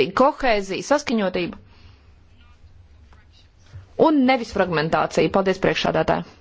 atbilstīga kohēzija, saskaņotība un nevis fragmentācija. Paldies priekšādātāji!